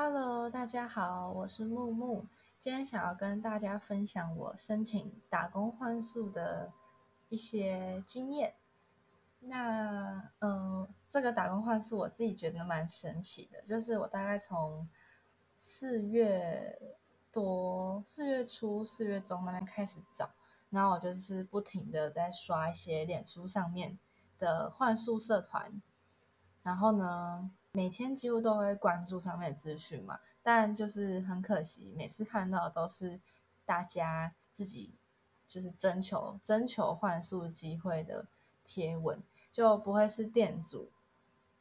Hello，大家好，我是木木。今天想要跟大家分享我申請打工換宿的一些經驗。那，嗯、呃，這個打工換宿我自己覺得蠻神奇的，就是我大概從四月多、四月初、四月中那邊開始找，然後我就是不停的在刷一些臉書上面的換宿社團，然後呢。每天幾乎都會關注上面的資訊嘛，但就是很可惜，每次看到都是大家自己就是徵求徵求換宿機會的貼文，就不會是店主，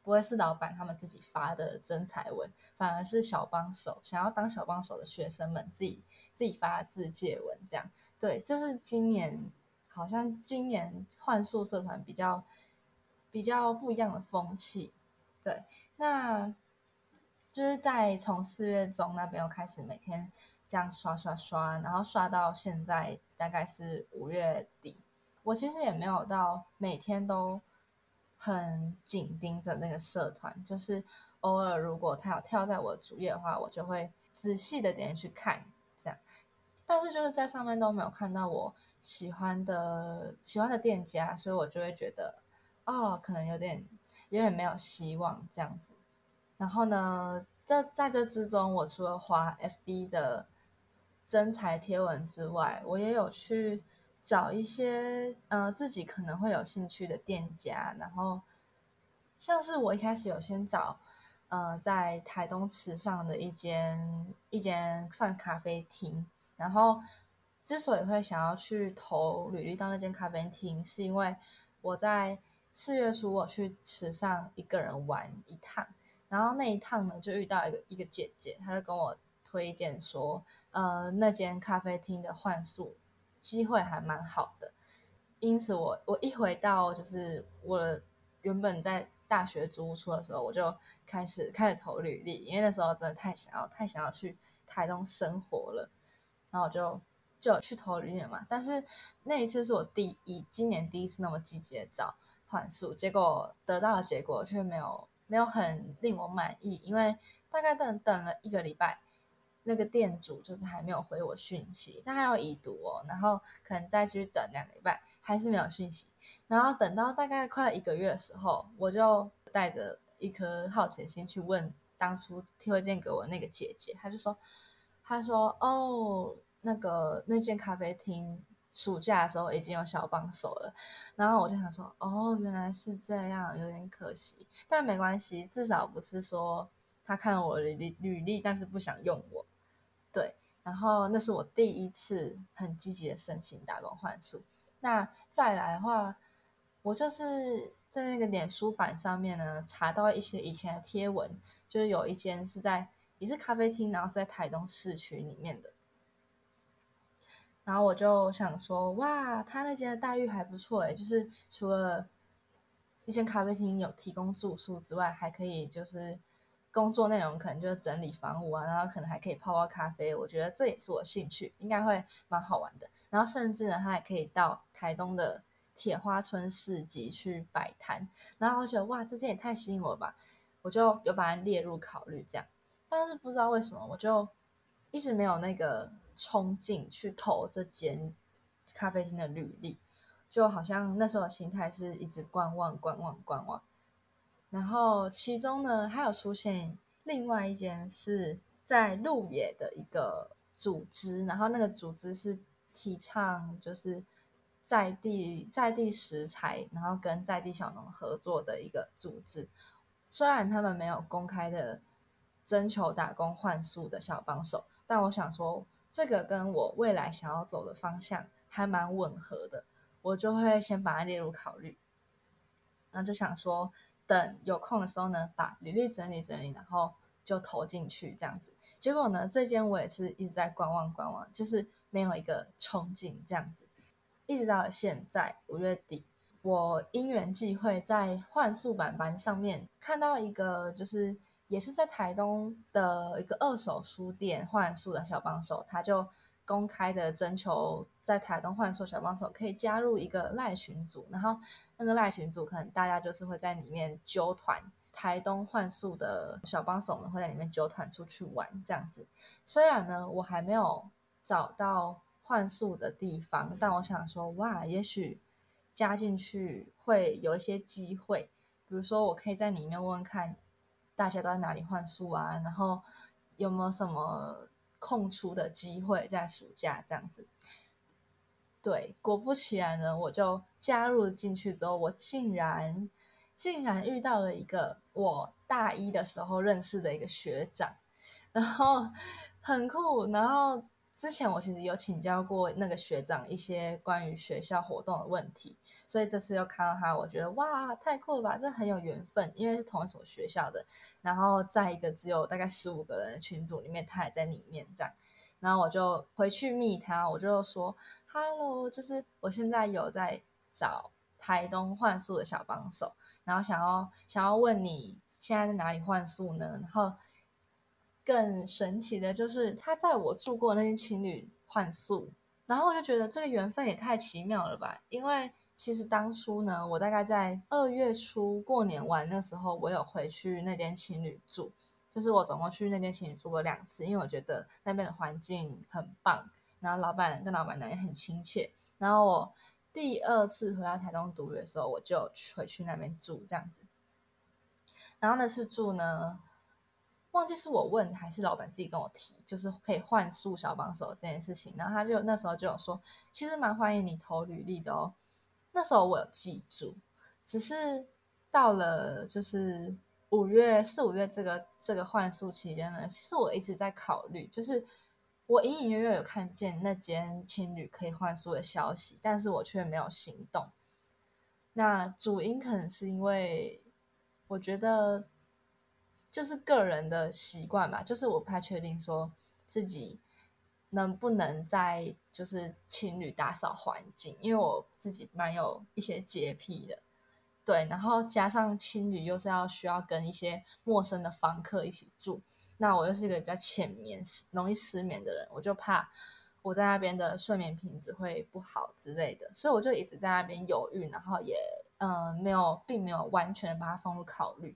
不會是老板他們自己發的徵才文，反而是小幫手，想要當小幫手的學生們自己自己發的自介文這樣。對，就是今年好像今年換宿社團比較比較不一樣的風氣。對，那就是在從四月中那邊，又開始每天這樣刷刷刷，然後刷到現在大概是五月底。我其實也沒有到每天都很緊盯着那個社團，就是偶爾如果他有跳在我主頁的話，我就會仔細的點去看這樣。但是就是在上面都沒有看到我喜歡的喜歡的店家，所以我就會覺得，哦，可能有點。有點沒有希望這樣子，然後呢，這在這之中，我除了滑 FB 的徵才貼文之外，我也有去找一些呃自己可能會有興趣的店家，然後像是我一開始有先找呃在台東池上的一間一間算咖啡廳，然後之所以會想要去投履歷到那間咖啡廳，是因為我在。四月初我去池上一個人玩一趟，然後那一趟呢，就遇到一個一個姐姐，她就跟我推薦說：“呃，那間咖啡廳的換宿機會還蠻好的。”因此我，我我一回到就是我原本在大學租屋處的時候，我就開始開始投履歷，因為那時候真的太想要太想要去台東生活了。然後就就去投履歷嘛，但是那一次是我第一今年第一次那麼積極的找。換宿，結果得到的結果卻沒有沒有很令我滿意，因為大概等等了一個禮拜，那個店主就是還沒有回我訊息，但還要已讀哦，然後可能再去等兩個禮拜，還是沒有訊息。然後等到大概快了一個月的時候，我就帶着一顆好奇心去問當初推薦給我那個姐姐，她就說：“她說哦，那個那間咖啡廳。”暑假的時候已經有小幫手了，然後我就想說，哦，原來是這樣，有點可惜，但沒關係，至少不是說他看我履履歷，但是不想用我。對，然後那是我第一次很積極的申請打工換宿。那再來的話，我就是在那個臉書版上面呢，查到一些以前的貼文，就是有一間是在也是咖啡廳，然後是在台東市區裡面的。然後我就想說，哇，他那間的待遇還不錯誒。就是除了一間咖啡廳有提供住宿之外，還可以就是工作內容可能就是整理房屋啊，然後可能還可以泡泡咖啡，我覺得這也是我興趣，應該會蠻好玩的。然後甚至呢，他還可以到台東的鐵花村市集去擺攤。然後我覺得，哇，這間也太吸引我了吧，我就有把它列入考慮這樣。但是不知道為什麼，我就一直沒有那個。衝進去投這間咖啡廳的履歷，就好像那時候的心態是一直觀望、觀望、觀望。然後其中呢，還有出現另外一間是在鹿野的一個組織，然後那個組織是提倡就是在地在地食材，然後跟在地小農合作的一個組織。雖然他們沒有公開的徵求打工換宿的小幫手，但我想說。這個跟我未來想要走的方向還蠻吻合的，我就會先把它列入考慮，然後就想說，等有空的時候呢，把履歷整理整理，然後就投進去這樣子。結果呢，這間我也是一直在觀望觀望，就是沒有一個憧憬這樣子，一直到現在五月底，我因緣際會在換宿板板上面看到一個就是。也是在台東的一個二手書店換宿的小幫手，他就公開的徵求在台東換宿小幫手可以加入一個賴群組，然後那個賴群組可能大家就是會在裡面揪團，台東換宿的小幫手們會在裡面揪團出去玩這樣子。雖然呢，我還沒有找到換宿的地方，但我想說，哇，也許加進去會有一些機會，比如說我可以在裡面問問看。大家都在哪裡換書啊？然後有沒有什麼空出的機會在暑假這樣子？對，果不其然呢，我就加入進去之後，我竟然竟然遇到了一個我大一的時候認識的一個學長，然後很酷，然後。之前我其實有請教過那個學長一些關於學校活動的問題，所以這次又看到他，我覺得哇，太酷了吧，這很有緣分，因為是同一所學校的，然後在一個只有大概十五個人的群組裡面，他也在裡面這樣，然後我就回去密他，我就說，hello，就是我現在有在找台東換宿的小幫手，然後想要想要問你現在在哪裡換宿呢？然後。更神奇的就是，他在我住過的那間情侶換宿，然後我就覺得這個緣分也太奇妙了吧！因為其實當初呢，我大概在二月初過年完的時候，我有回去那間情侶住，就是我總共去那間情侶住過兩次，因為我覺得那邊的環境很棒，然後老板跟老板娘也很親切。然後我第二次回到台東讀書的時候，我就回去那邊住這樣子。然後那次住呢。忘記是我問還是老闆自己跟我提，就是可以換宿小幫手這件事情。然後他就那時候就有說：“其實蠻歡迎你投履歷的哦。”那時候我有記住，只是到了就是五月四五月這個這個換宿期間呢，其實我一直在考慮，就是我隱隱約約有看見那間青旅可以換宿的消息，但是我卻沒有行動。那主因可能是因為我覺得。就是個人的習慣吧，就是我不太確定說自己能不能在就是青旅打掃環境，因為我自己蠻有一些潔癖的，對，然後加上青旅又是要需要跟一些陌生的房客一起住，那我又是一個比較淺眠，容易失眠的人，我就怕我在那邊的睡眠品質會不好之類的，所以我就一直在那邊猶豫，然後也嗯、呃，沒有，並沒有完全把它放入考慮。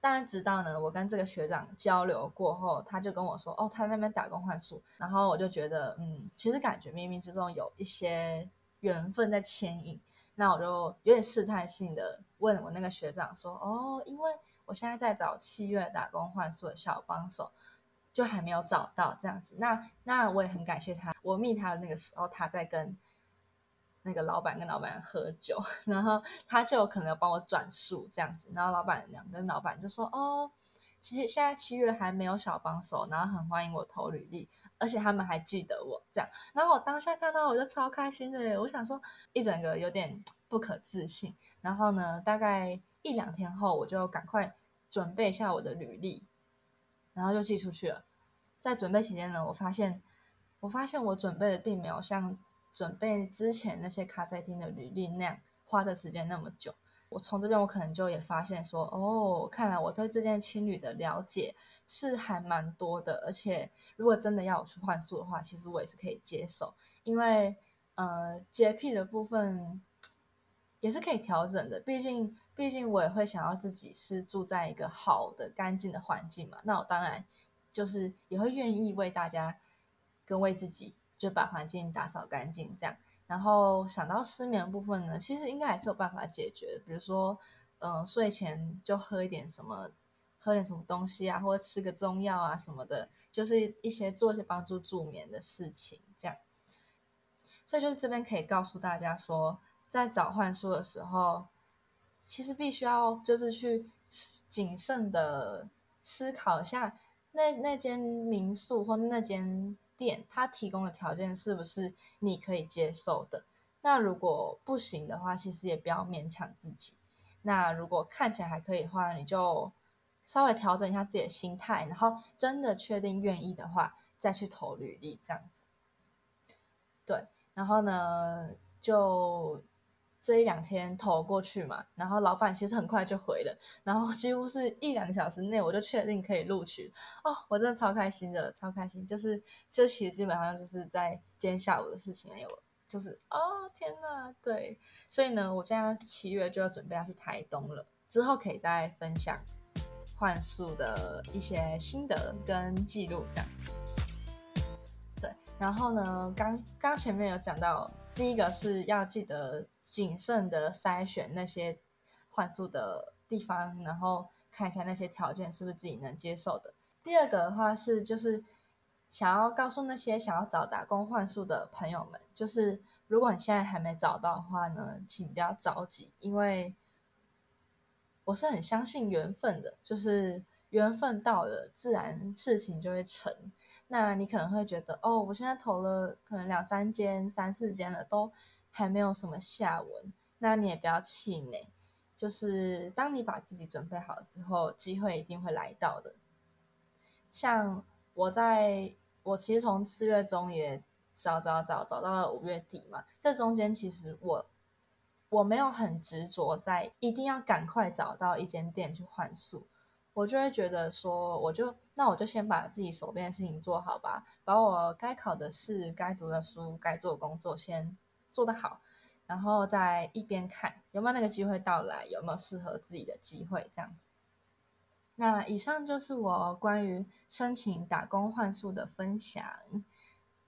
但然直到呢，我跟這個學長交流過後，他就跟我說：“哦，他在那邊打工換宿。”然後我就覺得，嗯，其實感覺冥冥之中有一些緣分在牽引。那我就有點試探性的問我那個學長說：“哦，因為我現在在找七月打工換宿的小幫手，就還沒有找到這樣子。那”那那我也很感謝他，我密他的那個時候他在跟。那個老闆跟老闆喝酒，然後他就可能幫我轉述這樣子，然後老闆娘跟老闆就說：“哦，其實現在七月還沒有小幫手，然後很歡迎我投履歷，而且他們還記得我這樣。”然後我當下看到我就超開心的，我想說一整個有點不可置信。然後呢，大概一兩天後，我就趕快準備一下我的履歷，然後就寄出去了。在準備期間呢，我發現，我發現我準備的並沒有像。準備之前那些咖啡廳的履歷那樣，花的時間那麼久。我從這邊我可能就也發現說，哦，看來我對這間青旅的了解是還蠻多的，而且如果真的要我去換宿的話，其實我也是可以接受，因為呃，潔癖的部分也是可以調整的，畢竟畢竟我也會想要自己是住在一個好的、乾淨的環境嘛，那我當然就是也會願意為大家跟為自己。就把環境打掃乾淨，這樣。然後想到失眠的部分呢，其實應該還是有辦法解決的，比如說，嗯、呃，睡前就喝一點什麼，喝點什麼東西啊，或者吃個中藥啊什麼的，就是一些做一些幫助助眠的事情，這樣。所以就是這邊可以告訴大家說，在找換宿的時候，其實必須要就是去謹慎的思考一下那那間民宿或那間。他提供的條件是不是你可以接受的？那如果不行的話，其實也不要勉強自己。那如果看起來還可以的話，你就稍微調整一下自己的心態，然後真的確定願意的話，再去投履歷這樣子。對，然後呢就。這一兩天投過去嘛，然後老闆其實很快就回了，然後幾乎是一兩個小時內我就確定可以錄取哦，我真的超開心的，超開心！就是，就其實基本上就是在今天下午的事情有，就是哦天哪，對，所以呢，我現在七月就要準備要去台東了，之後可以再分享換宿的一些心得跟記錄這樣。對，然後呢，剛剛,剛前面有講到。第一個是要記得謹慎的篩選那些換宿的地方，然後看一下那些條件是不是自己能接受的。第二個的話是，就是想要告訴那些想要找打工換宿的朋友們，就是如果你現在還沒找到的話呢，請不要着急，因為我是很相信緣分的，就是緣分到了，自然事情就會成。那你可能會覺得，哦，我現在投了可能兩三間、三四間了，都還沒有什麼下文。那你也不要氣餒，就是當你把自己準備好之後，機會一定會來到的。像我在，我其實從四月中也找找找，找到了五月底嘛，這中間其實我我沒有很執着在一定要趕快找到一間店去換宿。我就會覺得說，我就那我就先把自己手邊的事情做好吧，把我該考的試、該讀的書、該做的工作先做得好，然後再一邊看有沒有那個機會到來，有沒有適合自己的機會，這樣子。那以上就是我關於申請打工換宿的分享。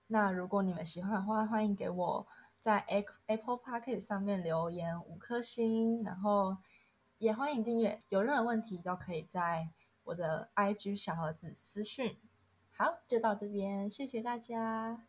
那如果你們喜歡的話，歡迎給我在 Apple Podcast 上面留言五顆星，然後。也歡迎訂閱，有任何問題都可以在我的 IG 小盒子私訊。好，就到這邊，謝謝大家。